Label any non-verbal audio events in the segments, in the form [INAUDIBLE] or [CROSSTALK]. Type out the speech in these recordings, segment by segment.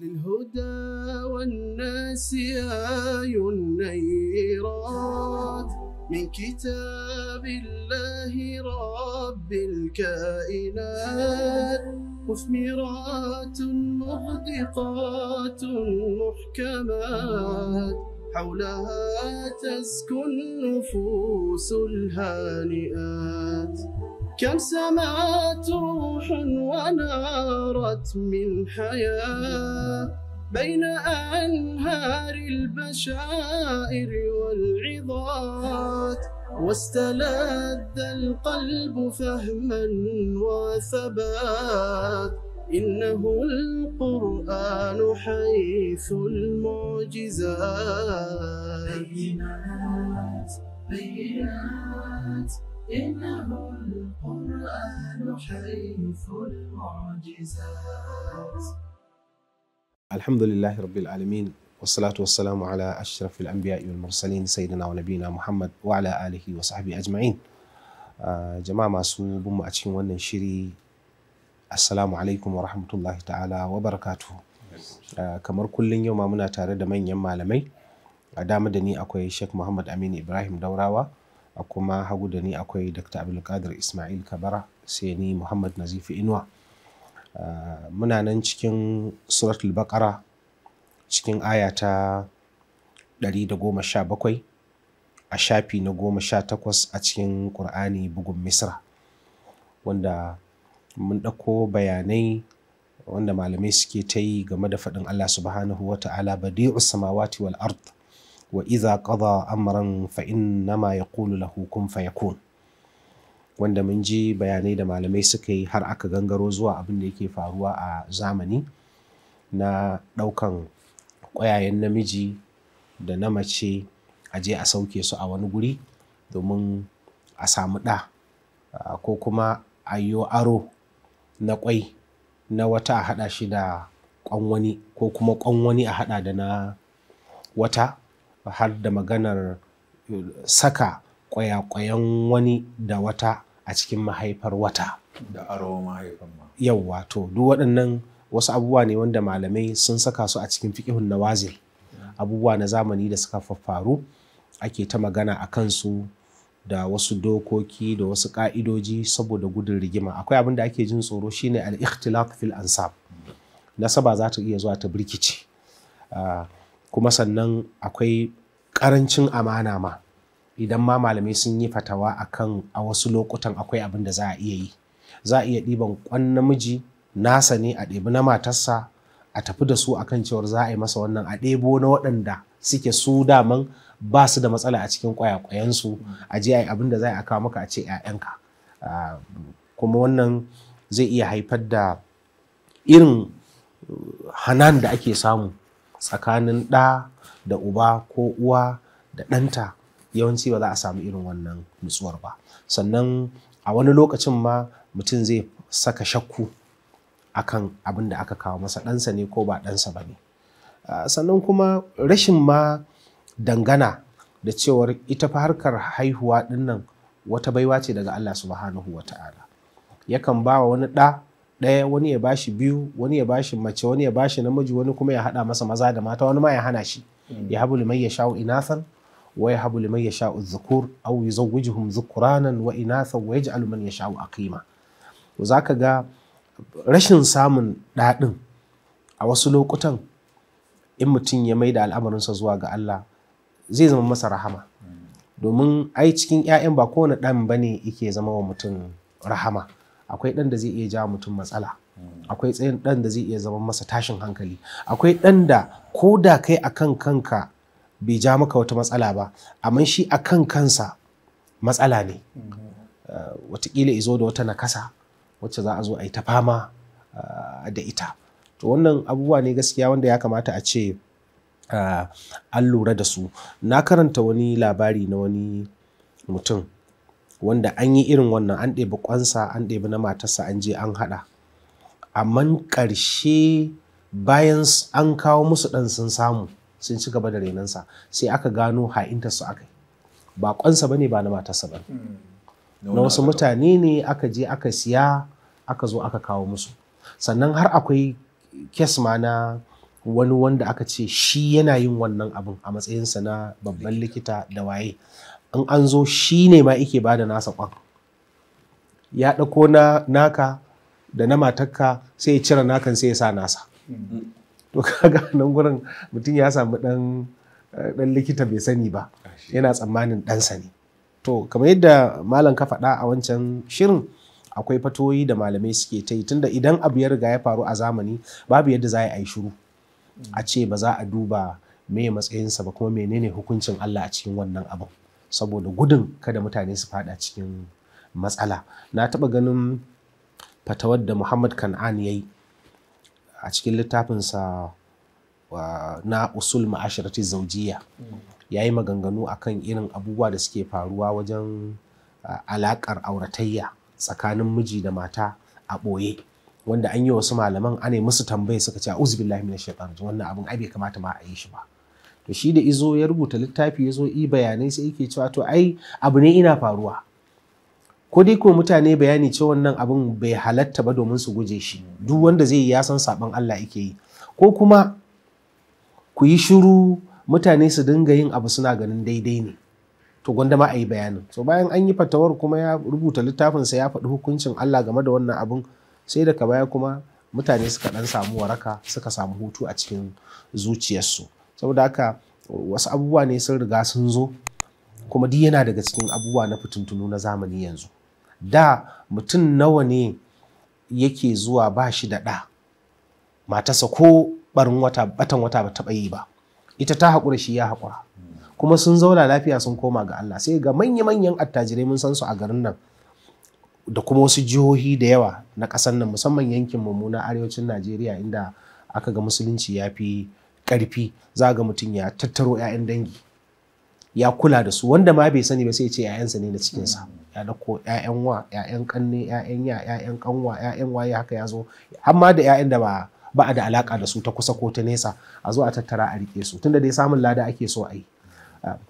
للهدى والناس آي النيرات من كتاب الله رب الكائنات مثمرات مغدقات محكمات حولها تزكو النفوس الهانئات كان سمعت روح ونارت من حياة بين أنهار البشائر والعظات واستلذ القلب فهما وثبات إنه القرآن حيث المعجزات بينات بينات إنه القرآن حيث المعجزات الحمد لله رب العالمين والصلاة والسلام على أشرف الأنبياء والمرسلين سيدنا ونبينا محمد وعلى آله وصحبه أجمعين jama'a masu bin a cikin wannan shiri assalamu alaikum wa rahmatullahi ta'ala wa barakatu kamar kullum yau ma muna tare da manyan malamai a dama da ni akwai sheikh muhammad aminu ibrahim daurawa a kuma hagu da ni akwai dr abdulkadir ismail kabara sai ni muhammad nazifi inuwa ah, muna nan cikin suratul bakara cikin aya ta 117 a shafi na 18 a cikin ƙur'ani bugun misra wanda mun ɗauko bayanai wanda malamai suke ta yi game da faɗin allah subhanahu wa ta'ala badi'u samawati wal ard wa iza qada amran fa innama wanda mun ji bayanai da malamai suka yi har aka gangaro zuwa abin da yake faruwa a zamani na ɗaukan ƙwayayen namiji da na mace a je a sauke su a wani guri domin a samu ɗa ko kuma a yi aro na ƙwai na wata a haɗa shi da ƙwan wani ko kuma ƙwan wani a haɗa da na wata har da maganar eh, saka kwayakwayan wani da wata a cikin mahaifar wata da arawa mahaifar ma yau wato duk waɗannan wasu abubuwa ne wanda malamai sun saka su a cikin fiƙihun wazil abubuwa na zamani da suka faffaru ake ta magana a kansu da wasu dokoki da wasu ƙa'idoji saboda gudun rigima akwai abin da ake jin tsoro shine al-ikhtilaf fil ansab nasaba za ta iya zuwa ta birkice ah, kuma sannan akwai karancin amana ma idan ma malamai sun yi fatawa akan a wasu lokutan akwai abin da za a iya yi za a iya ɗiban kwan namiji nasa ne a ɗebi na matarsa a tafi da su akan cewar za a yi masa wannan a ɗebo na waɗanda suke su daman ba su da matsala a cikin kwayakwayensu a je a yi abin da za a kawo maka a ce 'ya'yanka ah, kuma wannan zai iya haifar da irin uh, hanan da ake samu tsakanin ɗa da uba ko uwa da ɗanta yawanci ba za a samu irin wannan nutsuwar ba sannan a wani lokacin ma mutum zai saka shakku akan abin da aka kawo masa ɗansa ne ko ba ɗansa ba ne ah, sannan kuma rashin ma dangana da cewar ita fa harkar haihuwa ɗinnan wata baiwa ce daga Allah subhanahu wa ta'ala yakan ba wa wani ɗa ɗaya wani ya bashi biyu wani ya bashi mace wani ya bashi namiji wani kuma ya haɗa masa maza da mata wani ma ya hana shi mm. ya habu liman ya sha'u inasan wa ya habu liman ya sha'u zukur au yuzawwijuhum zukuranan wa inasan wa yaj'alu man ya sha'u aqima to zaka ga rashin samun daɗin a wasu lokutan in mutum ya mai da al'amarinsa zuwa ga Allah zai zama masa rahama mm. domin ai cikin 'ya'yan ba kowane ɗan ne yake zama wa mutum rahama akwai ɗan da zai iya ja mutum matsala hmm. akwai tsayin ɗan da zai iya zama masa tashin hankali akwai ɗan da ko da kai akan kanka bai ja maka wata matsala ba amma shi akan kansa matsala ne hmm. ah, watakila izo da wata nakasa wacce za a zo a yi ta fama ah, da ita to wannan abubuwa ne gaskiya wanda ya kamata a ce ah, an lura da su na karanta wani labari na wani mutum wanda an yi irin wannan an ɗebi kwansa an ɗebi na matarsa an je an haɗa amma ƙarshe bayan an kawo musu ɗan sun samu sun ci gaba da renansa sai aka gano ha'intarsu aka yi ba kwansa ba ne ba na matarsa ba hmm. na wasu mutane ne aka je aka siya aka zo aka kawo musu sannan har akwai kes ma na wani wanda aka ce shi yana yin wannan abin a matsayinsa na babban likita da waye in an zo shi ne ma yake ba da nasa kwan ya ɗauko na naka da na matakka sai ya cire nakan sai ya sa nasa to kaga nan gurin mutum ya samu dan likita bai sani ba yana tsammanin ɗansa ne to kamar yadda malam ka faɗa a wancan shirin akwai fatoyi da malamai suke ta yi tunda idan abu ya riga ya faru a zamani babu yadda za a yi shiru a ce ba za a duba me matsayinsa ba kuma menene hukuncin Allah a cikin wannan abun. saboda gudun kada mutane su fada cikin matsala na taba ganin fatawar da muhammad kan'an ya yi a cikin littafinsa na usul ma'ashirati zaujiya ya yi maganganu a kan irin abubuwa da suke faruwa wajen alaƙar auratayya tsakanin miji da mata a ɓoye wanda an yi wasu malaman ana musu tambaye suka ce a uzubillahi minash shekaru wannan abin ai bai kamata ma a yi shi ba to shi da izo ya rubuta littafi ya zo i bayanai sai yake cewa to ai abu ne ina faruwa ko dai ko mutane bayani ce wannan abin bai halatta ba domin su guje shi duk wanda zai yi ya san saban Allah yake yi ko kuma ku yi shiru mutane su dinga yin abu suna ganin daidai ne to gwanda ma a yi bayanin To bayan an yi fatawar kuma ya rubuta sa ya faɗi hukuncin Allah game da wannan abun sai daga baya kuma mutane suka ɗan samu waraka suka samu hutu a cikin zuciyarsu saboda haka wasu abubuwa ne sun riga sun zo kuma duk yana daga cikin abubuwa na fitintunu na zamani yanzu da mutum nawa ne yake zuwa ba shi da ɗa matasa ko barin wata batan wata ba taɓa yi ba ita ta haƙura shi ya haƙura kuma sun zauna lafiya sun koma ga Allah sai ga manya-manyan attajirai mun san su a garin nan da kuma wasu jihohi da yawa na ƙasar nan musamman yankin mummuna arewacin Najeriya inda aka ga musulunci ya fi karfi za ga mutum ya tattaro 'ya'yan dangi ya kula da su wanda ma bai sani ba sai ce 'ya'yansa ne na cikinsa ya dauko 'ya'yan wa 'ya'yan kanne 'ya'yan ya 'ya'yan kanwa 'ya'yan waye haka ya zo amma da 'ya'yan da ba ba a da alaka da su ta kusa ko ta nesa a zo a tattara a rike su tunda dai samun lada ake so a yi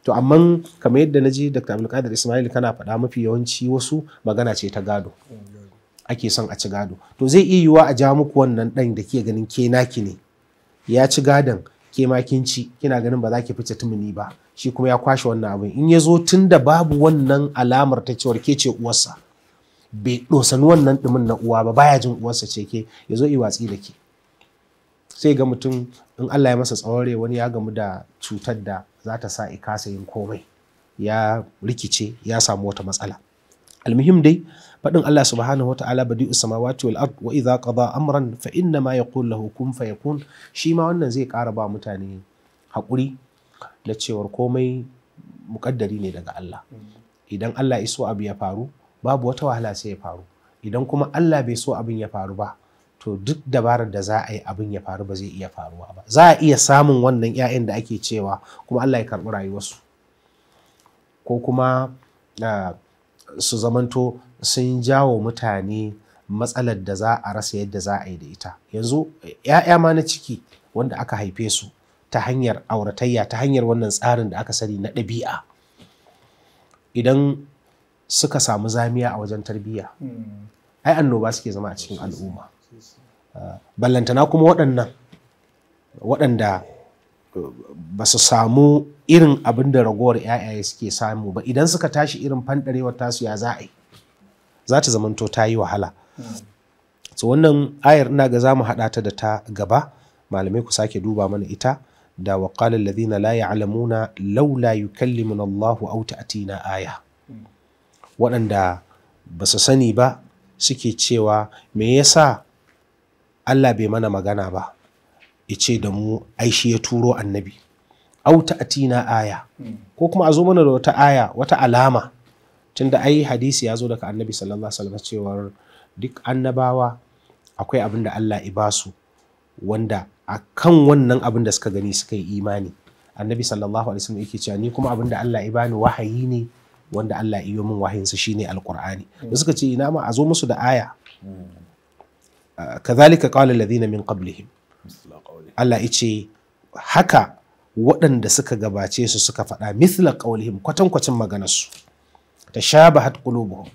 to amma kamar yadda na ji dr abdulkadir ismail kana faɗa mafi yawanci wasu magana ce ta gado ake son a ci gado to zai iya yiwuwa a ja muku wannan ɗan da ke ganin ke naki ne ya ci gadon kema ci kina ganin ba za ki fice tumuni ba shi kuma ya kwashe wannan abin in ya zo tun da babu wannan alamar ta cewar ke ce uwarsa bai dosan wannan dumin na uwa ba baya jin uwarsa ce ke ya zo watsi da ke sai ga mutum in Allah ya masa tsawon wani ya gamu da cutar da za ta sa ikasa yin komai ya rikice ya samu wata matsala almuhim dai faɗin Allah subhanahu wa ta'ala badi'us samawati wal ard wa iza qada amran fa inna ma yaqul lahu kun shi ma wannan zai ƙara ba mutane hakuri da cewar komai muƙaddari ne daga Allah idan Allah ya so abu ya faru babu wata wahala sai ya faru idan kuma Allah bai so abin ya faru ba to duk dabarar da za a yi abin ya faru ba zai iya faruwa ba za a iya samun wannan 'ya'yan da ake cewa kuma Allah ya karɓi rayuwarsu ko kuma ah, su zamanto sun jawo mutane matsalar da za a rasa yadda za a yi da ita yanzu 'ya'ya ma na ciki wanda aka haife su ta hanyar auratayya ta hanyar wannan tsarin da aka sani na ɗabi'a idan suka samu zamiya a wajen tarbiyya hmm. ai annoba suke zama a cikin al'umma ah, ballantana kuma waɗannan waɗanda eh, ba su samu irin abin da ragowar 'ya'ya suke samu ba idan suka tashi irin fanɗarewar tasu ya za a yi za ta zamanto ta yi wahala so wannan ayar ina ga za mu haɗa ta da ta gaba malamai ku sake duba mana ita da wa qala alladhina la ya'lamuna laula yukallimuna Allahu aw ta'tina aya waɗanda ba su sani ba suke cewa me yasa Allah bai mana magana ba ya ce da mu Aishi ya turo annabi au ta'tina aya ko kuma a zo mana da wata aya wata alama da ai hadisi ya zo daga annabi sallallahu alaihi wasallam cewar duk annabawa akwai abin da Allah ya su wanda a kan wannan abin da suka gani suka yi imani annabi sallallahu alaihi wasallam yake cewa ni kuma abin da Allah ya ni wahayi ne wanda Allah ya yi min wahayinsa shine alqur'ani da suka ce ina ma a zo musu da aya ah, kazalika qala alladhina min qablihim Allah ya ce haka waɗanda suka gabace su suka faɗa misla qawlihim kwatankwacin maganarsu ta hat qulubuhum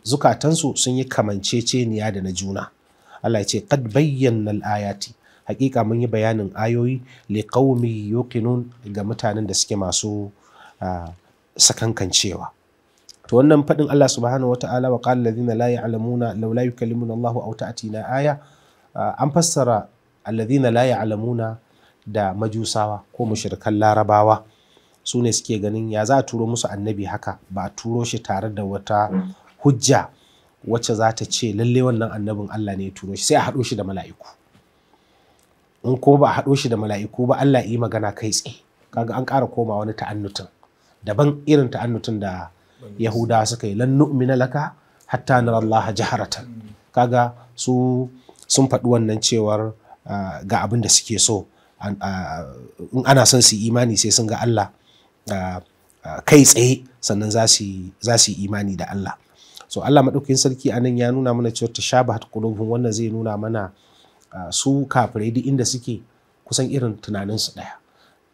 zukatansu sun yi kamanceceniya da na juna Allah ya ce kad bayyana al-ayati hakika mun yi bayanin ayoyi li qaumi yuqinun ga mutanen da suke masu sakankancewa to wannan fadin Allah subhanahu wata'ala wa qala alladhina la ya'lamuna law la yukallimuna Allahu aw ta'tina aya an fassara alladhina la ya'lamuna da majusawa ko mushrikan larabawa su ne suke ganin ya za a turo musu annabi haka ba a turo shi tare da wata hujja wacce za ta ce lalle wannan annabin Allah ne ya turo shi sai a haɗo shi da mala'iku in ko ba a haɗo shi da mala'iku ba Allah yi magana kai tsaye kaga an ƙara koma wani ta'annutin daban irin ta'annutin da yahuda suka yi lan nu'mina laka hatta nara Allah jaharatan kaga su sun faɗi wannan cewar ah, ga abin da suke so ah, in ana son su imani sai sun ga Allah kai tsaye sannan za su yi imani da Allah so Allah maɗaukin sarki a nan ya nuna mana cewa tashabahat qulubuhum wannan zai nuna mana su kafirai duk inda suke kusan irin tunaninsu ɗaya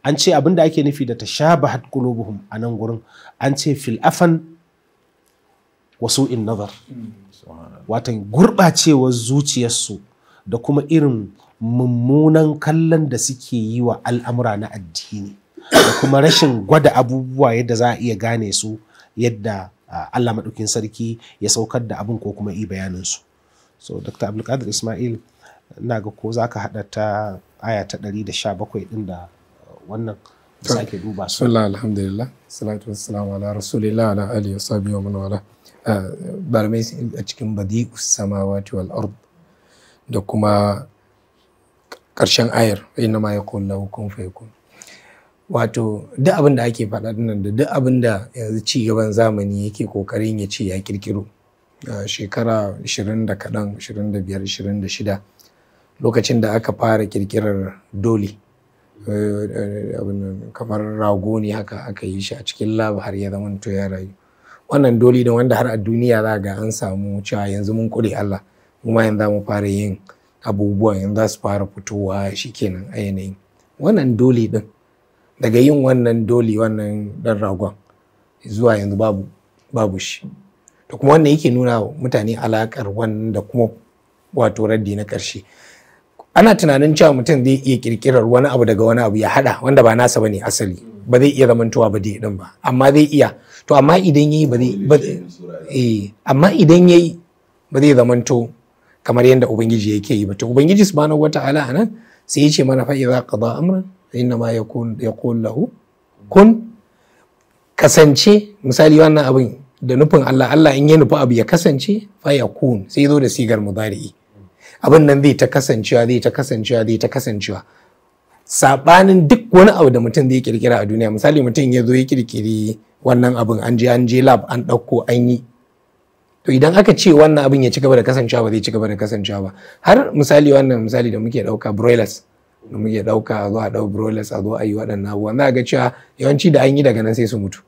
an ce abin da ake nufi da ta tashabahat qulubuhum a nan gurin an ce filafan wasu in nazar watan gurɓacewar zuciyarsu da kuma irin mummunan kallon da suke yi wa al'amura na addini da kuma rashin gwada abubuwa yadda za a iya gane su yadda Allah maɗaukin sarki ya saukar da abin ko kuma bayanin su so dr abdulkadir ismail na ga ko za ka haɗa ta aya ta 117 ɗin da wannan sake duba su Sallallahu alhamdulillah salatu wassalamu ala rasulillah ala alihi wasahbihi wa man wala barmai a cikin badi'u samawati wal ard da kuma ƙarshen ayar inna ma yaqul lahu kun fayakun wato duk abin da ake faɗa nan da duk abin da yanzu ci gaban zamani yake kokarin ya ce ya kirkiro shekara 20 da kaɗan 25 26 lokacin da aka fara kirkirar dole eh, eh, kamar rago ne haka aka yi shi a cikin labu har ya zama ya rayu wannan doli da wanda har a duniya za ga an samu cewa yanzu mun kure Allah kuma yanzu mu fara yin abubuwa yanzu za su fara fitowa shikenan a yanayin wannan dole din daga yin wannan doli wannan dan ragon zuwa yanzu babu shi da kuma wannan yake nuna mutane alakar wannan da kuma wato raddi na karshe ana tunanin cewa mutum zai iya kirkirar wani abu daga wani abu ya hada wanda ba nasa bane asali ba zai iya zamantowa ba dai din ba amma zai iya to amma idan yayi ba zai eh amma idan yayi ba zai zamanto kamar yadda ubangiji yake yi ba to ubangiji subhanahu wataala anan sai ya ce mana fa iza qada amran innama ya yaqul lahu kun kasance misali wannan abin da nufin Allah Allah in ya nufi abu ya kasance fa ya kun sai zo da sigar mudari'i abin nan zai ta kasancewa zai ta kasancewa zai ta kasancewa sabanin duk wani abu da mutum zai kirkira a duniya misali mutum ya zo ya kirkiri wannan abin an je an je lab an ɗauko an yi to idan aka ce wannan abin ya ci gaba da kasancewa ba zai ci gaba da kasancewa ba har misali wannan misali da muke ɗauka broilers da muke ɗauka a zo a ɗau broilers a zo a yi waɗannan abubuwan za a ga cewa yawanci da an yi daga nan sai su mutu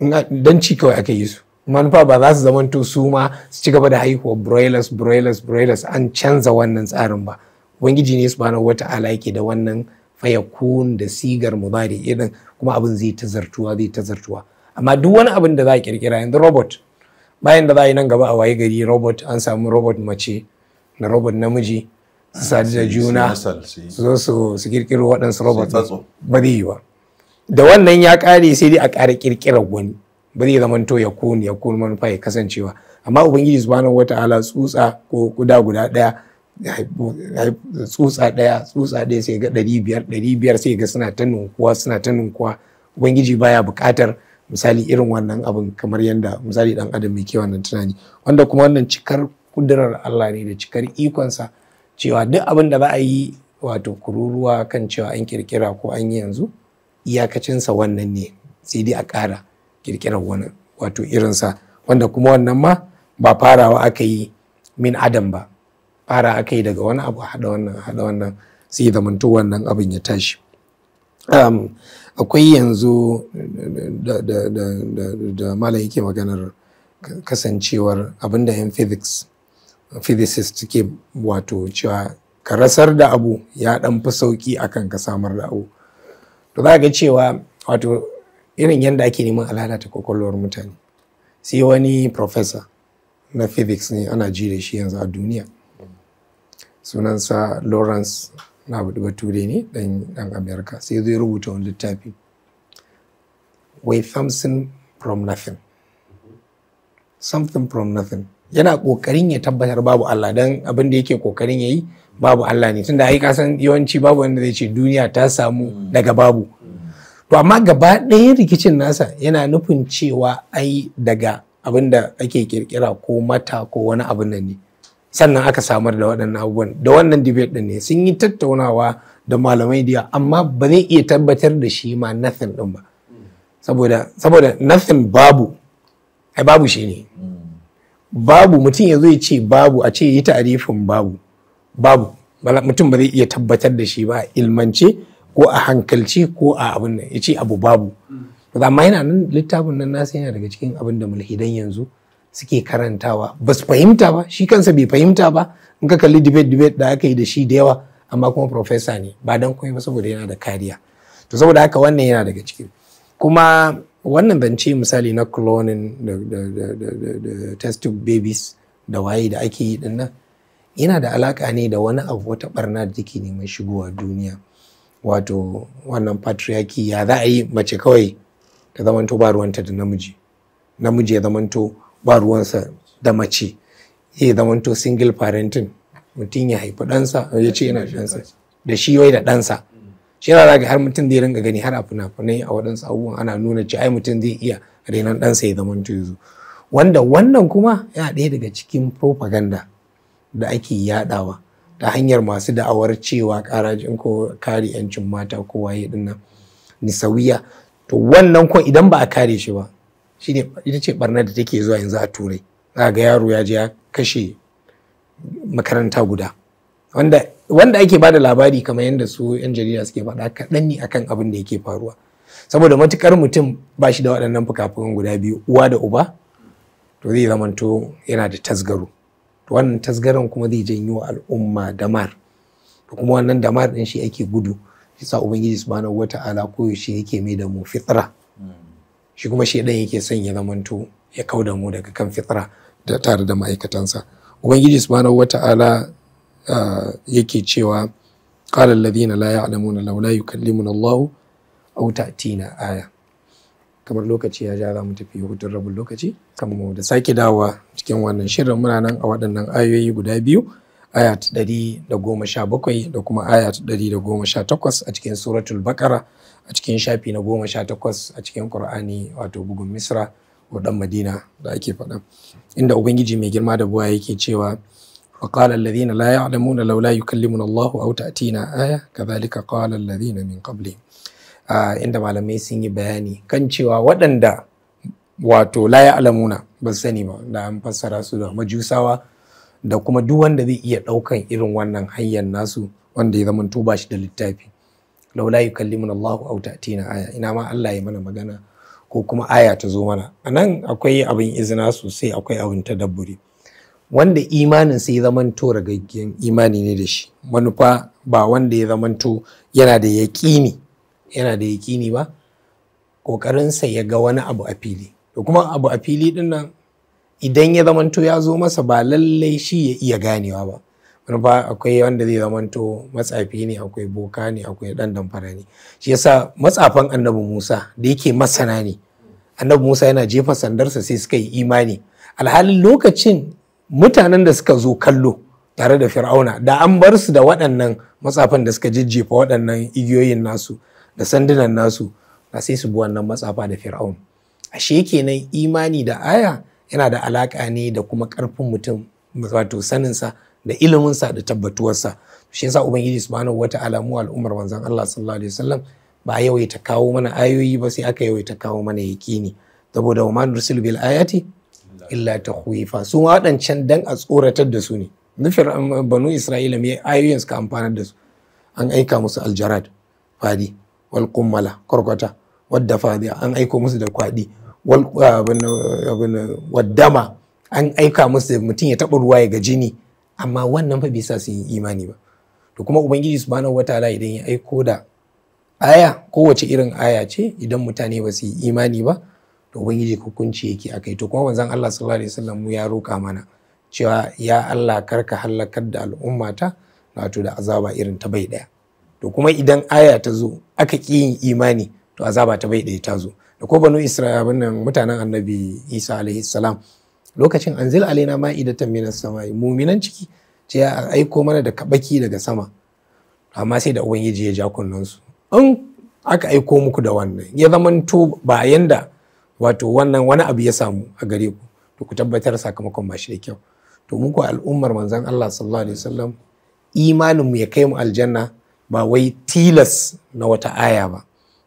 Danci ci kawai aka yi su manufa ba za su zamanto su ma su ci gaba da haihuwa broilers broilers broilers an canza wannan tsarin ba ubangiji ne su bana wata yake da wannan fayakun da sigar mudari irin kuma abin zai ta zartuwa zai ta zartuwa amma duk wani abin da za a kirkira yanzu robot bayan da za a yi nan gaba a waye gari robot an samu robot mace na robot namiji sadi da juna su zo su kirkiro waɗansu robot ba zai yi ba da wannan ya ƙare sai dai a ƙara kirkirar wani ba zai zama to ya kun ya kun manufa ya kasancewa amma ubangiji subhanahu wataala tsutsa ko kuda guda ɗaya tsutsa ɗaya tsutsa ɗaya sai ga ɗari biyar ɗari biyar sai ga suna ta ninkuwa suna ta ninkuwa ubangiji baya buƙatar misali irin wannan abin kamar yadda misali ɗan adam mai ke wannan tunani wanda kuma wannan cikar kudurar Allah ne da cikar ikonsa cewa duk abin da za a yi wato kururuwa kan cewa an kirkira ko an yi yanzu iyakacinsa wannan ne sai dai a ƙara kirkirar wani wato irinsa wanda kuma wannan ma ba farawa aka yi min adam ba fara aka yi daga wani abu haɗa wannan haɗa wannan sai da zamanto wannan abin ya tashi akwai yanzu da malam yake maganar kasancewar abin da 'yan physics physicist ke wato cewa ka rasar da abu ya dan fi sauki akan ka samar da abu to za ga cewa wato irin yadda ake neman alada ta kwakwalwar mutane sai wani professor na physics ne ana jire shi yanzu a duniya sunansa lawrence na bature ne dan america sai zai rubuta wani littafi way something from nothing something from nothing yana kokarin ya tabbatar babu Allah don abin da yake kokarin yi babu Allah ne tunda ai kasan yawanci babu wanda zai ce duniya ta samu mm. daga babu mm. to amma gaba ɗaya rikicin nasa yana nufin cewa ai daga abin da ake kirkira ko mata ko wani abin nan ne sannan aka samar da waɗannan abubuwan da wannan debate ɗin ne sun yi tattaunawa da malamai diya amma ba zai iya tabbatar da shi ma nothing ɗin ba mm. saboda saboda nothing babu ai babu shi ne babu mutum ya zai ce babu a ce yi tarifin babu babu mutum ba zai iya tabbatar da shi ba ilmance ko a hankalci ko a abin nan ya ce abu babu hmm. m'a yana nan littafin nan nasa yana daga cikin abin da mulhidan yanzu suke karantawa ba su fahimta ba shi kansa bai fahimta ba in ka kalli debate debate da aka yi da shi da yawa amma kuma profesa ne ba dan komai ba saboda yana da kariya to saboda haka wannan yana daga cikin kuma wannan zance misali na cloning da, test babies da waye da ake yi dinnan yana da alaka ne da wani abu wata barna da take neman shigowa duniya wato wannan patriarchy ya za a yi mace kawai ta zamanto ba ruwanta da namiji namiji ya zamanto ba ruwansa da mace ya zamanto single parenting mutum ya haifi ɗansa ya ce yana ɗansa da shi wai da ɗansa shi yana zaga har mutum zai ringa gani har a fina-finai a waɗansu abubuwan ana nuna ci ai mutum zai iya renon ɗansa ya zama yanzu wanda wannan kuma yana ɗaya daga cikin propaganda da ake yaɗawa ta hanyar masu da'awar cewa karajin ko kare 'yancin mata ko waye dinnan nisawiya to wannan ko idan ba a kare shi ba Shi ne ita ce barnar da take zuwa yanzu a turai za ga yaro ya je ya kashe makaranta guda wanda wanda ake bada labari kamar yadda su yan jarida suke faɗa kaɗan ne akan abin da yake faruwa saboda matukar mutum ba shi da waɗannan fukafukan guda biyu uwa da uba to zai zamanto yana da tasgaro to wannan tasgaron kuma zai janyo al'umma damar to kuma wannan damar din shi ake gudu shi sa ubangiji subhanahu wata'ala ko shi yake mai da mu fitra hmm. shi kuma shi dan yake son ya zamanto ya kauda mu daga kan fitra da tare da ma'aikatansa ubangiji subhanahu wata'ala yake cewa qala alladhina la ya'lamuna laula yukallimuna Allah aw ta'tina aya kamar lokaci ya ja za mu tafi hutun rabin lokaci kamar da sake dawa cikin wannan shirin muna nan a waɗannan ayoyi guda biyu aya ta ɗari da goma sha bakwai da kuma aya ta ɗari da goma sha takwas a cikin suratul bakara a cikin shafi na goma sha takwas a cikin qur'ani wato bugun misra wa ɗan madina da ake faɗa inda ubangiji mai girma da buwa yake cewa وقال الذين لا يعلمون لولا يكلمنا الله أو تأتينا آية كذلك قال الذين من قبلهم inda malamai sun yi bayani kan cewa waɗanda wato la ya'lamuna ba sani ba da an fassara su da majusawa da kuma duk wanda zai iya ɗaukan irin wannan hanyar nasu wanda ya zamanto ba shi da littafi laula yukallimuna Allahu aw ta'tina aya ina ma Allah ya mana magana ko kuma aya ta zo mana anan akwai abin izina sosai akwai abin dabburi. wanda imanin sai ya zamanto ragaggen imani ne da shi manufa ba wanda ya zamanto yana da yaƙini yana da yaƙini ba ƙoƙarinsa ya ga wani abu a fili da kuma abu a fili din nan idan ya zamanto ya zo masa ba lallai shi ya iya ganewa ba manufa akwai wanda zai zamanto matsafi ne akwai boka ne akwai ɗan damfara ne shi yasa matsafan annabi musa da yake masana ne annabi musa yana jefa sandarsa sai suka yi imani alhalin lokacin mutanen da suka zo kallo tare da fir'auna da an bar su da waɗannan matsafan da suka jijjefa waɗannan igiyoyin nasu da sandunan nasu na sai su bi wannan matsafa da fir'aun ashe kenan imani da aya yana da alaƙa ne da kuma ƙarfin mutum wato saninsa da iliminsa da tabbatuwarsa shi yasa ubangiji subhanahu wata'ala mu al'ummar manzon Allah sallallahu alaihi wasallam ba yawaita kawo mana ayoyi ba sai aka yawaita kawo mana yaqini saboda wa man nursilu bil ayati illa ta huifa sun waɗancan dan a tsoratar da su ne nufin banu isra'ila mai ayoyin suka amfana da su an aika musu aljarad fadi wal kwarkwata, wadda fadi an aiko musu da kwadi waddama an aika musu mutum ya taɓa ruwa ya gaji ni. amma wannan fa bai sa su yi imani ba to kuma ubangiji subhanahu wataala idan ya aiko da aya kowace irin aya ce idan mutane ba su yi imani ba da ubangiji hukunci yake kai to kuma manzon Allah sallallahu alaihi wasallam ya roka mana cewa ya Allah karka halakar da al'ummata wato da azaba irin ta bai daya to kuma idan aya ta zo aka ki yin imani to azaba ta bai daya ta zo da ko banu isra'ila bannan mutanen annabi isa alaihi salam lokacin anzil alaina ma'idatan minas samai muminan ciki ce ya aiko mana da kabaki daga sama amma sai da ubangiji ya ja kunnansu in aka aiko muku da wannan ya zamanto ba yanda wato wannan wani abu ya samu a gare ku to ku tabbatar sakamakon ba shi da kyau to muku al'ummar manzon Allah sallallahu alaihi wasallam imanin mu ya kai mu aljanna ba wai tilas na wata aya ba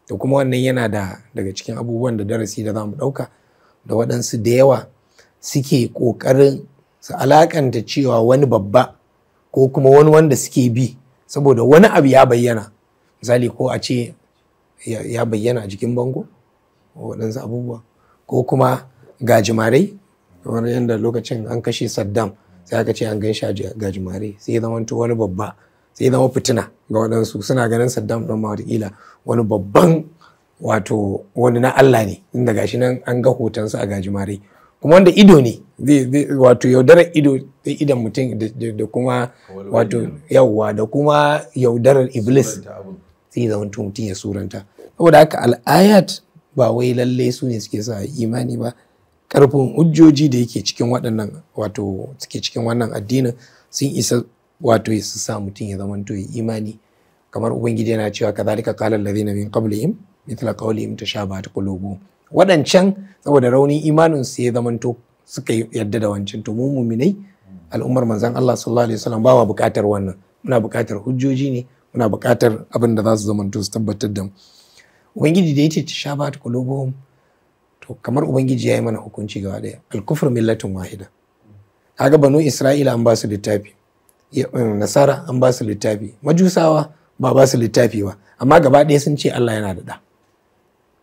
to kuma wannan yana da daga cikin abubuwan da darasi da zamu dauka da waɗansu da yawa suke ƙoƙarin su alakanta cewa wani babba ko kuma wani wanda suke bi saboda wani abu ya bayyana misali ko a ce ya bayyana a jikin bango waɗansu abubuwa ko kuma gajimare kamar yadda lokacin an kashe saddam sai aka ce an gan shi gajimare sai ya zama wani babba sai ya zama fitina ga waɗansu suna ganin saddam ɗin ma watakila wani babban wato wani na allah ne inda gashi nan an ga hotonsa a gajimare kuma wanda ido ne wato yaudarar ido da idan mutum da kuma wato yawwa da kuma yaudarar iblis sai zama mutum ya suranta saboda haka al'ayat ba wai lalle su ne suke sa imani ba karfin hujjoji da yake cikin waɗannan wato suke cikin wannan addinin sun isa wato ya sa mutum ya zama to imani kamar ubangiji yana cewa kadhalika qala alladhina min qablihim mithla qawlihim tashabahat qulubuhum waɗancan saboda raunin imanin su ya zama to suka yadda da wancan to mu muminai al'ummar manzon Allah sallallahu alaihi wasallam ba wa buƙatar wannan muna buƙatar hujjoji ne muna buƙatar abin da za su zama su tabbatar da mu ubangiji da yace tashabat qulubuhum to kamar ubangiji ya yi mana hukunci gaba daya al-kufru millatun wahida kaga banu isra'ila an ba su littafi eh, nasara an ba su littafi majusawa ba ba su littafi ba amma gaba ɗaya sun ce Allah yana da ɗa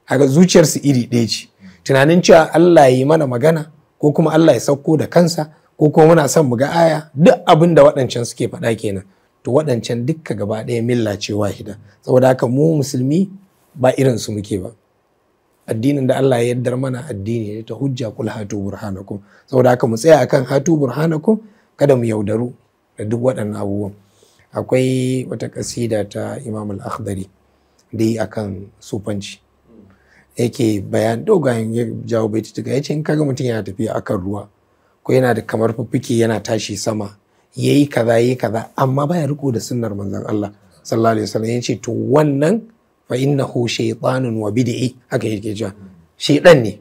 kaga su iri ɗaya ce tunanin cewa Allah ya yi mana magana ko kuma Allah ya sauko da kansa ko kuma muna son mu ga aya duk abin da waɗancan suke faɗa kenan to waɗancan dukka gaba ɗaya milla ce wahida saboda haka mu musulmi ba irin su muke ba addinin da Allah ya yaddar mana addini ne ta hujja kul hatu burhanakum saboda haka mu tsaya akan hatu burhanakum kada mu yaudaru da duk waɗannan abubuwan akwai wata kasida ta Imam al-Akhdari da yi akan sufanci yake bayan dogayen ya jawo bai tuka ya in kaga mutum yana tafiya akan ruwa ko yana da kamar fuffuke yana tashi sama yayi kaza yayi kaza amma baya riko da sunnar manzon Allah sallallahu alaihi wasallam yace to wannan fa innahu shaytanun wa bid'i haka yake cewa shaydan ne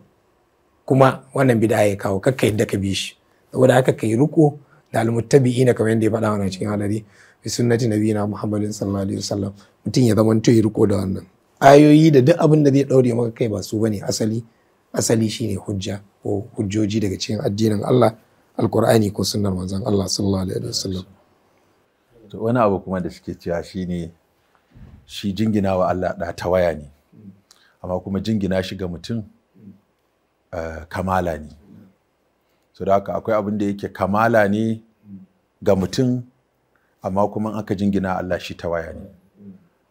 kuma wannan bid'a ya kawo kakka yadda ka bi shi saboda haka kai riko da almuttabi'ina kamar yadda ya faɗa wannan cikin hadari bi sunnati nabiyina muhammadin sallallahu alaihi wasallam mutum ya zama to yi riko da wannan ayoyi da duk abin da zai daure maka kai ba su bane asali asali shine hujja ko hujjoji daga cikin addinin Allah alqur'ani ko sunnar manzon Allah sallallahu alaihi wasallam to wani abu kuma da suke cewa shine shi jingina wa Allah ɗa waya ne amma kuma jingina shi ga mutum eh, kamala ne so da haka akwai abin da yake kamala ne ga mutum amma kuma aka jingina Allah shi ta waya ne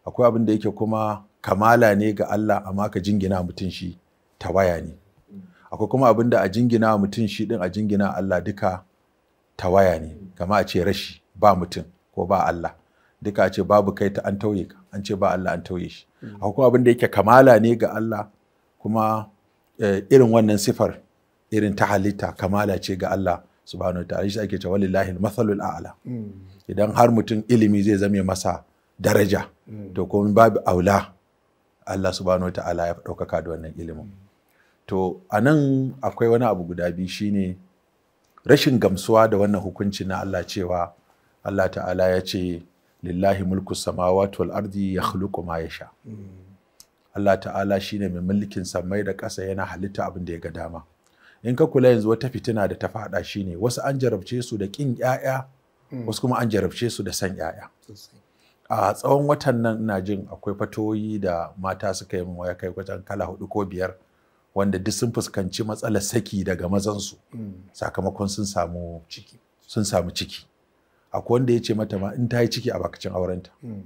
akwai abin da yake kuma kamala ne ga Allah amma ka jingina mutum shi ta waya ne akwai kuma abin da a jingina mutum shi din a jingina Allah duka ta waya ne kama a ce rashi ba mutum ko ba Allah duka a ce babu kai ta an tauye ka an ce ba Allah an tauye shi akwai kuma abin da yake kamala ne ga Allah kuma eh, irin wannan sifar irin ta halitta kamala ce ga Allah subhanahu wa ta'ala shi ake cewa lillahi mathalul a'la mm. idan har mutum ilimi zai zame masa daraja mm. to kuma babu aula Allah subhanahu wa ta'ala ya ɗaukaka da wannan ilimin mm. to anan akwai wani abu guda biyu shine rashin gamsuwa da wannan hukunci na Allah cewa Allah ta'ala ya ce lillahi mulku samawati wal ardi yakhluqu ma yasha Allah ta'ala shine mai mulkin samai da ƙasa yana halitta abin da ya ga dama in ka kula yanzu wata fitina da ta faɗa shine wasu an jarabce su da kin yaya hmm. wasu kuma an jarabce su da san yaya. a tsawon watan nan ina jin akwai fatoyi da mata suka yi waya kai wajen kala hudu ko biyar wanda duk sun fuskanci matsalar saki daga mazansu hmm. sakamakon sun samu ciki sun samu ciki akwai wanda ya ce mata ma in ta yi ciki a bakacin aurenta hmm.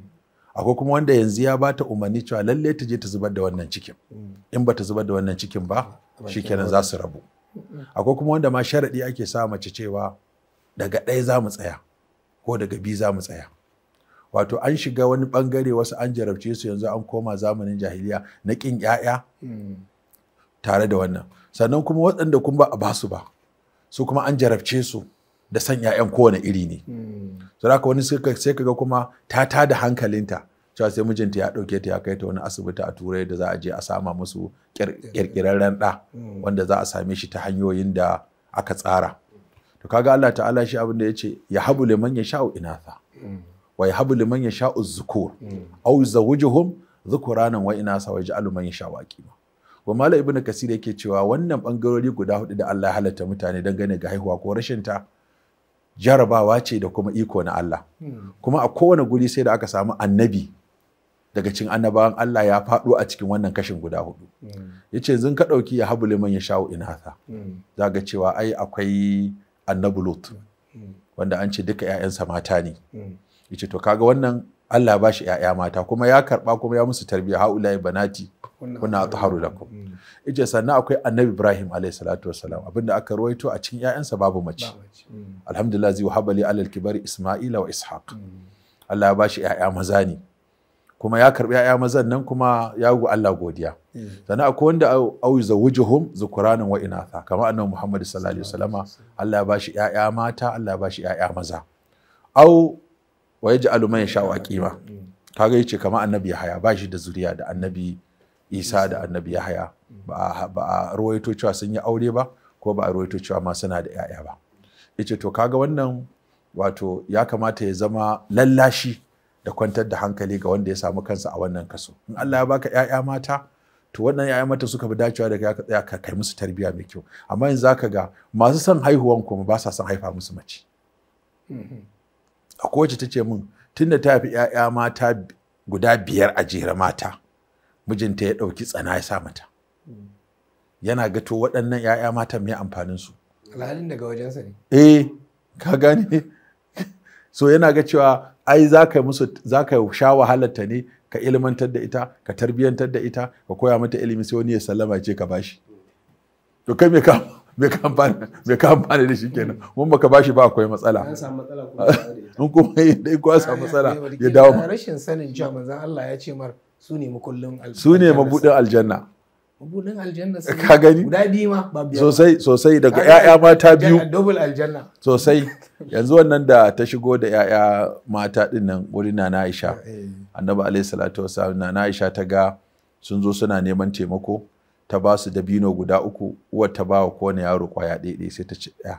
akwai kuma wanda yanzu ya bata umarni cewa lalle ta je ta zubar da wannan cikin hmm. in ba ta zubar da wannan cikin ba shikenan za su rabu hmm. akwai kuma wanda ma sharaɗi ake sa mace cewa daga ɗaya za mu tsaya ko daga biyu za mu tsaya wato an shiga wani bangare wasu an jarabce su yanzu an koma zamanin jahiliya na ƙin 'yaya tare da wannan sannan kuma waɗanda kun ba a basu ba su kuma an jarabce su da san 'ya'yan kowane iri ne hmm. Sura wani wani sai ka ga kuma ta tada hankalinta cewa sai mijinta ya ɗauke ta ya kai ta wani asibiti a turai da za a je a sama musu hmm. ƙirƙirarren ɗa hmm. wanda za a same shi ta hanyoyin da aka tsara to kaga Allah ta'ala shi abin da ya ce ya habu liman ya sha'u inatha wa ya habu liman ya sha'u zukur au zawujuhum zukuranan wa inasa wa ja'alu man ya sha'u aqima wa mala ibnu kasir yake cewa wannan bangarori guda hudu da Allah ya halatta mutane dangane ga haihuwa ko rashin ta jarabawa ce da kuma iko na Allah hmm. kuma a kowane guri sai da aka samu annabi daga cikin annabawan Allah ya faɗo a cikin wannan kashin guda hudu ce, zan ka ɗauki ya habu liman ya shawo ina ta. Hmm. za ga cewa ai akwai annabi lot hmm. wanda an ce duka 'ya'yansa mata ne Ya ce to kaga wannan Allah ba shi 'ya'ya mata kuma ya karɓa kuma ya musu tarbiyya haula banati wannan da kuma ije sannan akwai annabi ibrahim alayhi salatu salam. abinda aka ruwaito a cikin ƴaƴansa babu mace mm. alhamdulillah zai wahaba li alal kibar isma'ila wa ishaq mm. Allah ya bashi ƴaƴa maza ne kuma ya karbi ƴaƴa mazan nan kuma ya gu Allah godiya eh. sannan akwai wanda au zawujuhum zukuranan wa inatha kamar annabi muhammad sallallahu alaihi Allah ya bashi ƴaƴa mata Allah ya bashi ƴaƴa maza au wa yaj'alu man kima. aqima mm. kaga yace kama annabi Yahaya ba shi da zuriya da annabi isa da annabi yahaya ba a ruwaito cewa sun yi aure ba ko ba a ruwaito cewa ma suna da 'ya'ya ba Icce to kaga wannan wato ya kamata ya zama lallashi da kwantar da hankali ga wanda ya samu kansa a wannan kaso in Allah ya baka 'ya'ya mata to wannan 'ya'ya mata suka fi dacewa da ka tsaya ka kai musu tarbiyya mai kyau amma yanzu zaka ga masu son haihuwan kuma ba sa son haifa musu mace a kowace ta ce min tunda ta fi 'ya'ya mata guda biyar a jere mata mijinta ya ɗauki tsana ya sa mata yana gato waɗannan 'ya'ya matan mai amfanin su alhalin daga wajensa ne eh ka gane so yana ga cewa ai za ka musu za ka sha wahalarta ne ka ilmantar da ita ka tarbiyantar da ita ka koya mata ilimi sai wani ya sallama ce ka bashi to kai me ka me ka amfana me ka amfana da shi kenan mun baka bashi ba akwai matsala an samu matsala kuma [LAUGHS] in kuma ya samu matsala ya dawo rashin sanin cewa manzon Allah ya ce mar su ne aljanna su ne mabudin aljanna mabudin aljanna su ka gani guda biyu ma ba sosai sosai daga 'ya'ya mata biyu double aljanna sosai yanzu wannan da ta shigo da 'ya'ya mata din nan wurin Nana Aisha eh, eh. Annabi alaihi salatu wasallam Nana Aisha ta ga sun zo suna neman taimako ta ba su dabino guda uku uwar ta ba wa kowane yaro kwaya ɗaya sai ta ci ɗaya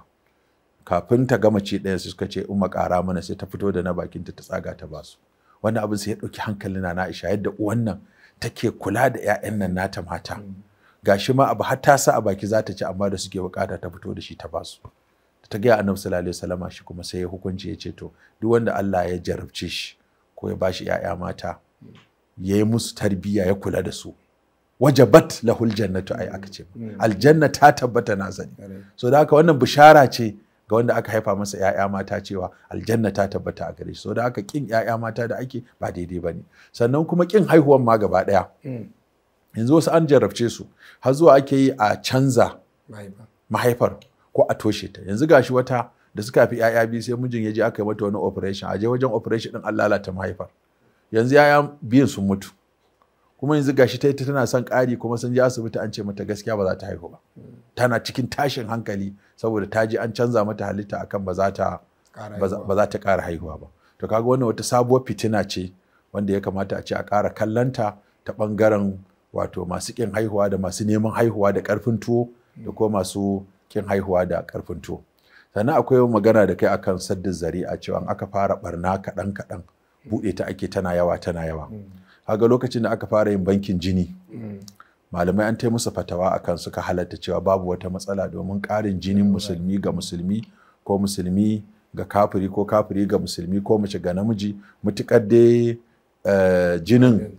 kafin ta gama ci ɗaya suka ce in makara mana sai ta fito da na bakinta ta tsaga ta ba su wannan abin sai ya ɗauki hankalin na Aisha yadda wannan take kula da 'ya'yan nan nata mata mm. gashi ma abu har ta sa a baki zata ci amma da suke bukata ta fito da shi ta ba su. ta gaya annabi sallallahu alaihi wasallama shi kuma sai ya hukunci ya ce to duk wanda Allah ya jarabce shi ko ya bashi 'ya'ya mata ya yi musu tarbiyya ya kula da su wajabat lahul jannatu ai aka ce mm. aljanna ta tabbata na sani so da haka wannan bishara ce ga wanda aka haifa masa ‘ya'ya mata cewa aljanna ta tabbata a gare shi so da aka kin ‘ya'ya mata da ake ba daidai ba ne sannan kuma kin haihuwan ma gaba ɗaya mm. yanzu wasu an jarabce su har zuwa ake yi a canza mahaifar ko a toshe ta yanzu gashi wata da suka fi ‘ya'ya biyu sai mijin ya je aka yi mata wani operation a je wajen operation din an lalata mahaifar yanzu ‘ya'ya biyun sun mutu kuma yanzu gashi ta ita tana son ƙari kuma sun je asibiti an ce mata gaskiya ba za ta haihu ba tana cikin tashin hankali saboda ta ji an canza mata halitta akan ba za ta ba za ta ƙara haihuwa ba to kaga wannan wata sabuwar fitina ce wanda ya kamata a ce a ƙara kallanta ta ɓangaren wato masu ƙin haihuwa da masu neman haihuwa da ƙarfin tuwo da kuma masu ƙin haihuwa da ƙarfin tuwo sannan akwai magana da kai akan saddin a cewa aka fara barna kaɗan kaɗan buɗe ta ake tana yawa tana yawa hmm. kaga lokacin da aka fara yin bankin jini malamai an taimu musu fatawa akan suka halatta cewa babu wata matsala domin ƙarin jinin musulmi ga musulmi ko musulmi ga kafiri ko kafiri ga musulmi ko mace ga namiji mutukar dai eh, jinin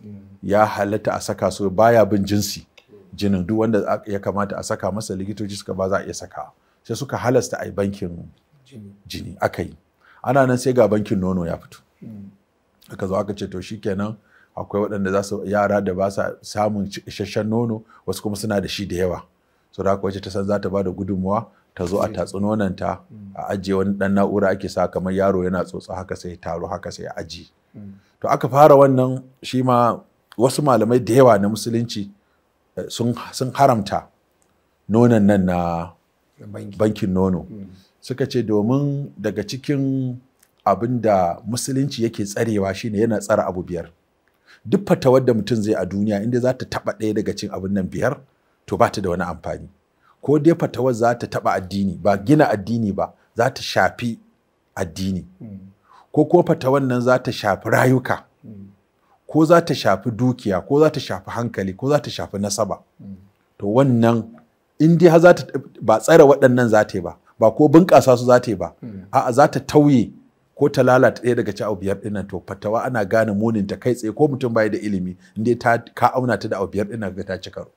ya halatta a saka su baya bin jinsi jinin duk wanda ya kamata a saka masa likitoci suka ba za a iya saka sai suka halasta a bankin jini aka yi ana nan sai ga bankin nono ya fito hmm. aka zo aka ce to shikenan akwai waɗanda za su yara da ba sa samun isasshen nono wasu kuma suna da shi da yawa so da wacce ta san za ta ba da gudunmuwa ta zo a tatsi ta mm. a ajiye wani ɗan na'ura ake sa kamar yaro yana tsotsa haka sai taro haka sai aji mm. to aka fara wannan shi ma wasu malamai da yawa na musulunci eh, sun haramta nonon nan na bankin nono mm. suka ce domin daga cikin abin da musulunci yake tsarewa shine yana tsara abu biyar duk fatawar da mutum zai a duniya inda za ta taɓa ɗaya daga cin abin nan biyar to ba ta da wani amfani ko dai fatawar za ta taɓa addini ba gina addini ba za ta shafi addini ko ko fatawar nan za ta shafi rayuka ko za ta shafi dukiya ko za ta shafi hankali ko za ta shafi nasaba to wannan in dai za ta ba tsare waɗannan za ta yi ba ba ko bunƙasa su za ta yi ba a'a za ta tauye ko ta lalata ɗaya daga ci abu biyar ɗin to fatawa ana gane munin ta kai tsaye ko mutum bai da ilimi inda ta ka auna ta da abu biyar ɗin ga ta ci karo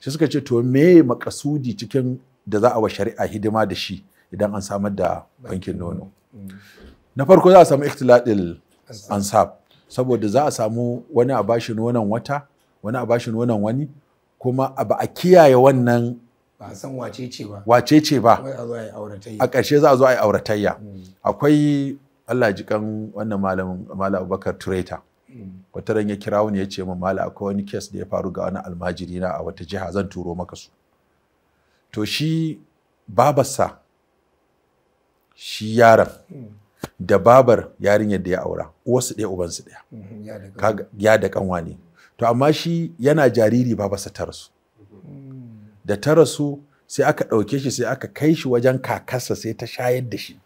shi suka ce to me makasudi cikin da za a wa shari'a hidima da shi idan an samar da bankin nono na farko za a samu ikhtilatil ansab saboda za a samu wani a bashi nonon wata wani a bashi nonon wani kuma ba a kiyaye wannan ba ba a ƙarshe za a zo a yi auratayya hmm. akwai Allah ji kan wannan malamin Malam Abubakar Tureta wata ran ya kira wani ya ce min Malam akwai wani case da ya faru ga wani almajiri na a wata jiha zan turo maka su to shi babarsa shi yaron da babar yarinyar da ya aura uwarsu ɗaya ubansu ɗaya ya da kanwa ne to amma shi yana jariri babarsa ta rasu da ta rasu sai aka ɗauke shi sai aka kai shi wajen kakarsa sai ta shayar da shi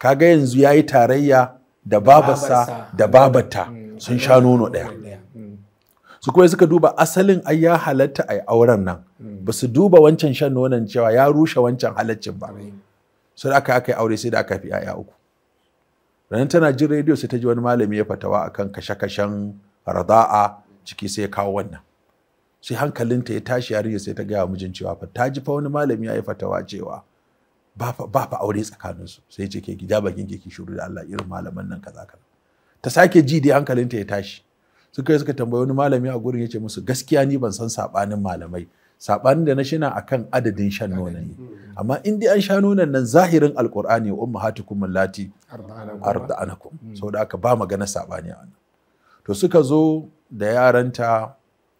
kaga yanzu ya yi tarayya da babarsa da babata mm. sun sha nono ɗaya mm. su kuma suka duba asalin ai ya halatta a auren nan mm. ba su duba wancan shan nonon cewa ya rushe wancan halaccin ba su da aka aka yi aure sai da aka fi yaya uku ranar tana jin rediyo sai ta ji wani malami ya fatawa akan kashe-kashen Raza'a ciki sai ya kawo wannan sai hankalinta ya tashi yarinya sai ta gaya wa mijin cewa fa ta ji fa wani malami ya yi fatawa cewa ba fa aure tsakaninsu sai ce ke gida bakin ke shiru da Allah irin malaman nan kaza kaza ta sake ji dai hankalinta ya tashi suka suka tambayi wani malami a gurin yace musu gaskiya ni ban san sabanin malamai sabanin da na shina akan adadin shan nonon ne amma in dai an sha nonon nan zahirin alqur'ani ummahatukum allati arda'anakum hmm. saboda aka ba magana sabani a to suka zo da yaranta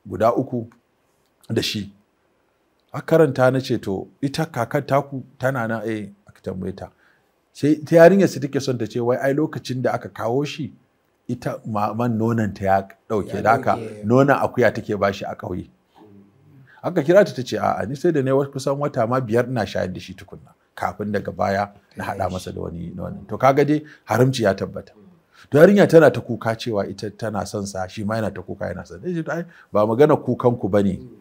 guda uku da shi a karanta na ce to ita kakar taku tana na eh, a aka tambaye ta sai ta yarinya su take son ta ce wai ai lokacin da aka kawo shi ita maman nonon ta ya dauke da haka nona akuya take bashi a ƙauye aka kira ta ce, a'a ni sai da ne kusan wata ma biyar na shayar da shi tukunna kafin daga baya na hada masa da wani nonan to kaga dai haramci ya tabbata to yarinya tana ta kuka cewa ita tana son sa shi ma yana ta kuka yana son ba magana kukan ku bane mm.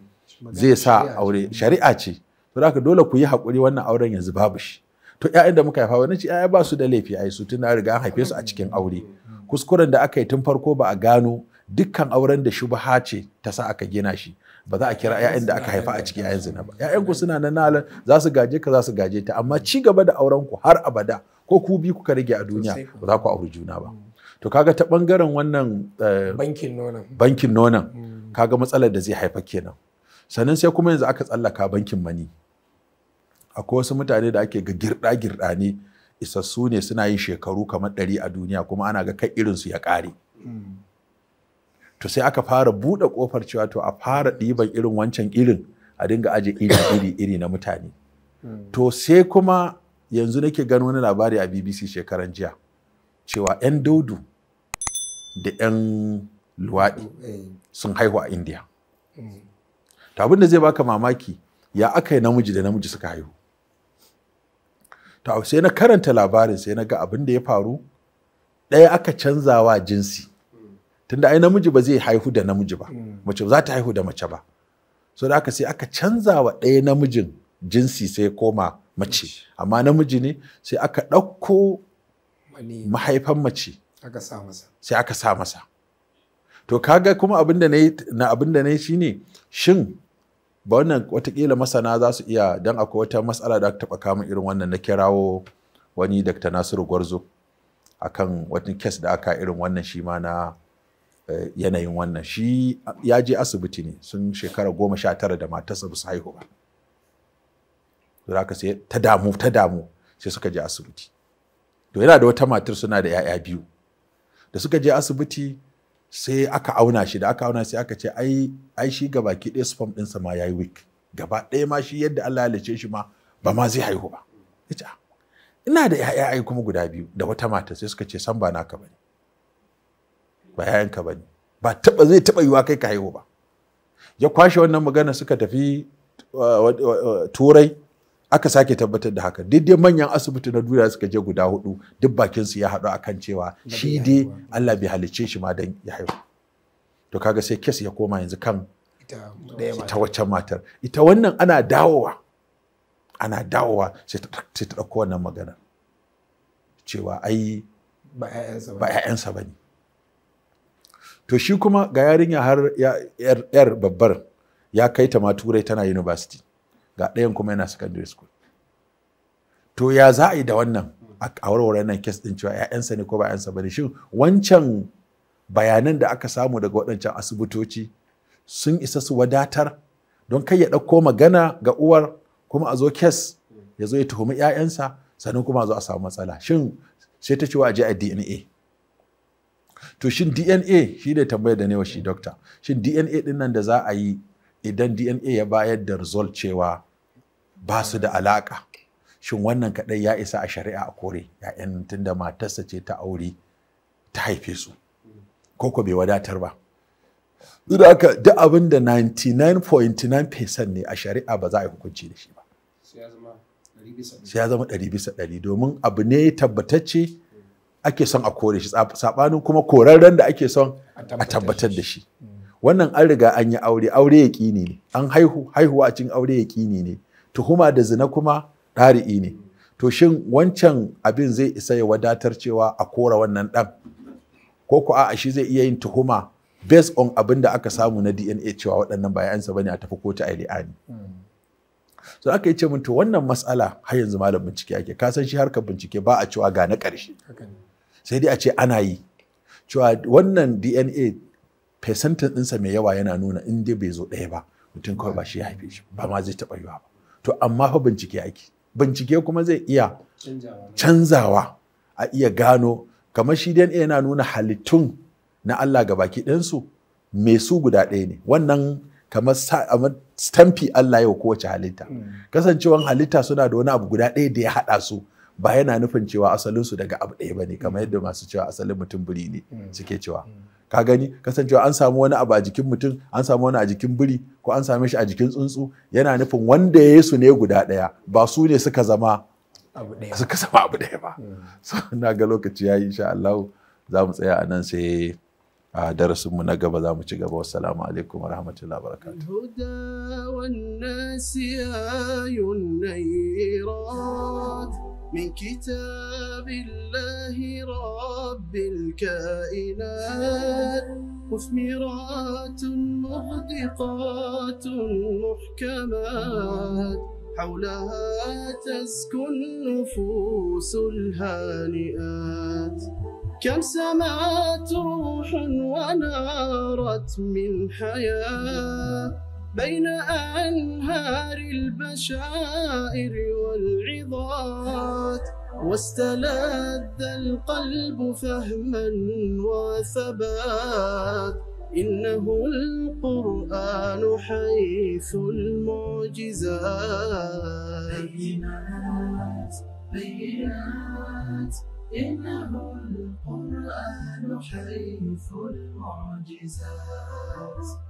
zai sa aure shari'a ce to haka dole ku yi hakuri wannan auren yanzu babu shi to ƴaƴan da muka haifa wannan ce ƴaƴa ba su da laifi ai su tun riga an haife su a cikin aure kuskuren da aka yi tun farko ba a gano dukkan auren da shubha ce ta sa aka gina shi ba za a kira ƴaƴan da aka haifa a cikin ƴaƴan zina ba ƴaƴan ku suna nan za su gaje ka za su gaje ta amma ci gaba da auren ku har abada ko ku bi kuka rage a duniya ba za ku auri juna ba mm. to kaga ta bangaren wannan eh, bankin nonon bankin nonon mm. kaga matsalar da zai haifa kenan sannan sai kuma yanzu aka tsallaka bankin mani akwai wasu mutane da ake ga girɗa girda ne isassu ne suna yin shekaru kamar ɗari a duniya kuma ana ga kai irinsu ya ƙare to sai aka fara buɗe ƙofar cewa to a fara ɗiban irin wancan irin a dinga aje iri iri iri na mutane to sai kuma yanzu nake ganin wani labari a bbc shekaran jiya cewa 'yan daudu da 'yan luwaɗi eh. sun haihu a india eh. to abin da zai baka mamaki ya aka yi namiji da namiji suka haihu to sai na karanta labarin sai na ga abin da ya faru ɗaya aka canzawa jinsi tunda ai namiji ba zai haihu da namiji ba hmm. mace za ta haihu da mace ba so da aka sai aka canzawa ɗaya namijin jinsi sai koma mace amma namiji ne sai aka ɗauko mahaifan mace sai aka sa masa to kaga kuma abin da na yi shine shin ba wannan watakila masana za su iya don akwai wata matsala da aka taɓa kamun irin wannan na kirawo wani dr nasiru gwarzo akan wani kes da aka irin wannan shi ma na eh, yanayin wannan shi ya je asibiti ne sun shekara goma sha tara da matarsa ba su haihu ba za ka sai ta damu ta damu sai suka je asibiti to yana da wata matar suna da 'ya'ya biyu da suka je asibiti sai aka auna shi da aka auna sai aka ce ai ai shi gaba ki ɗaya sperm ɗinsa ma yayi weak gaba ɗaya ma shi yadda Allah ya lace shi ma ba ma zai haihu ba yace ah, ina da ƴaƴa ai kuma guda biyu da wata mata sai suka ce san ba naka bane ba 'ya'yan ka bane ba taba zai taba yiwa kai ka haihu ba ya kwashe wannan magana suka tafi uh, turai aka sake tabbatar da haka duk dai manyan asibiti na duniya suka je guda hudu duk bakin su ya haɗu akan cewa shi dai Allah bai halicce shi ma dan ya haihu to kaga sai kes ya koma yanzu kan ita wacce matar ita wannan ana dawowa ana dawowa sai ta ɗauko wannan magana cewa ai ba 'ya'yansa ba ne to shi kuma ga yarinya har yar babbar ya kai ta ma turai tana university ga ɗayan kuma yana secondary school to ya za a yi da wannan a warware nan kes ɗin cewa 'ya'yansa ne ko ba 'ya'yansa ba ne shin wancan bayanan da aka samu daga waɗancan asibitoci sun isa su wadatar don kai ya ɗauko magana ga uwar kuma a zo kes ya zo ya tuhumi 'ya'yansa sannan kuma a zo a samu matsala shin sai ta cewa a je a dna to shin dna shi ne tambayar da newa shi dokta shin dna ɗin nan da za a yi idan dna ya bayar da result cewa ba su da alaƙa shin wannan kaɗai ya isa a shari'a a kore ‘ya'yan tunda matarsa ce ta aure ta haife su ko ko bai wadatar ba duk haka duk abin da 99.9% ne a shari'a ba za a yi hukunci da shi ba sai ya zama ɗari bisa ɗari domin abu ne tabbatacce ake son a kore shi saɓanin kuma korarren da ake son a tabbatar da shi wannan an riga an yi aure aure ya ne an haihu haihuwa cin aure ya ne tuhuma da zina kuma ɗari'i ne to shin wancan abin zai isa ya wadatar cewa a kora wannan ɗan ko ku a shi zai iya yin tuhuma based on abin da aka samu na dna cewa waɗannan ba yansa bane a tafi kotu a li'ani so aka yi ce mun to wannan matsala har yanzu malam bincike ake ka san shi harkar bincike ba a cewa ga na ƙarshe sai dai a ce ana yi cewa wannan dna percentage ɗinsa mai yawa yana nuna in dai bai zo ɗaya ba mutum kawai ba shi ya haife shi ba ma zai taɓa yiwa ba to amma fa bincike ake bincike kuma zai iya canzawa a iya gano kamar shi DNA yana nuna halittun na Allah ga baki ɗinsu me su guda ɗaya ne wannan kamar stampi Allah yau kowace halitta hmm. kasancewan halitta suna da wani abu guda ɗaya da ya haɗa su ba yana nufin cewa asalinsu daga abu ɗaya ba ne kamar yadda masu cewa asalin mutum biri ne hmm. suke cewa hmm. ka gani kasancewa an samu wani abu a jikin mutum an samu wani a jikin biri ko an same shi a jikin tsuntsu yana nufin wanda ya su ne guda ɗaya ba su ne suka zama suka zama abu ɗaya ba so na ga lokaci yayi insha Allah za mu tsaya a nan sai a darasinmu na gaba za mu ci gaba wassalamu alaikum wa rahmatullahi wa من كتاب الله رب الكائنات مثمرات مغدقات محكمات حولها تزكو النفوس الهانئات كم سمعت روح ونارت من حياه بين أنهار البشائر والعظات واستلذ القلب فهما وثبات إنه القرآن حيث المعجزات بينات بينات إنه القرآن حيث المعجزات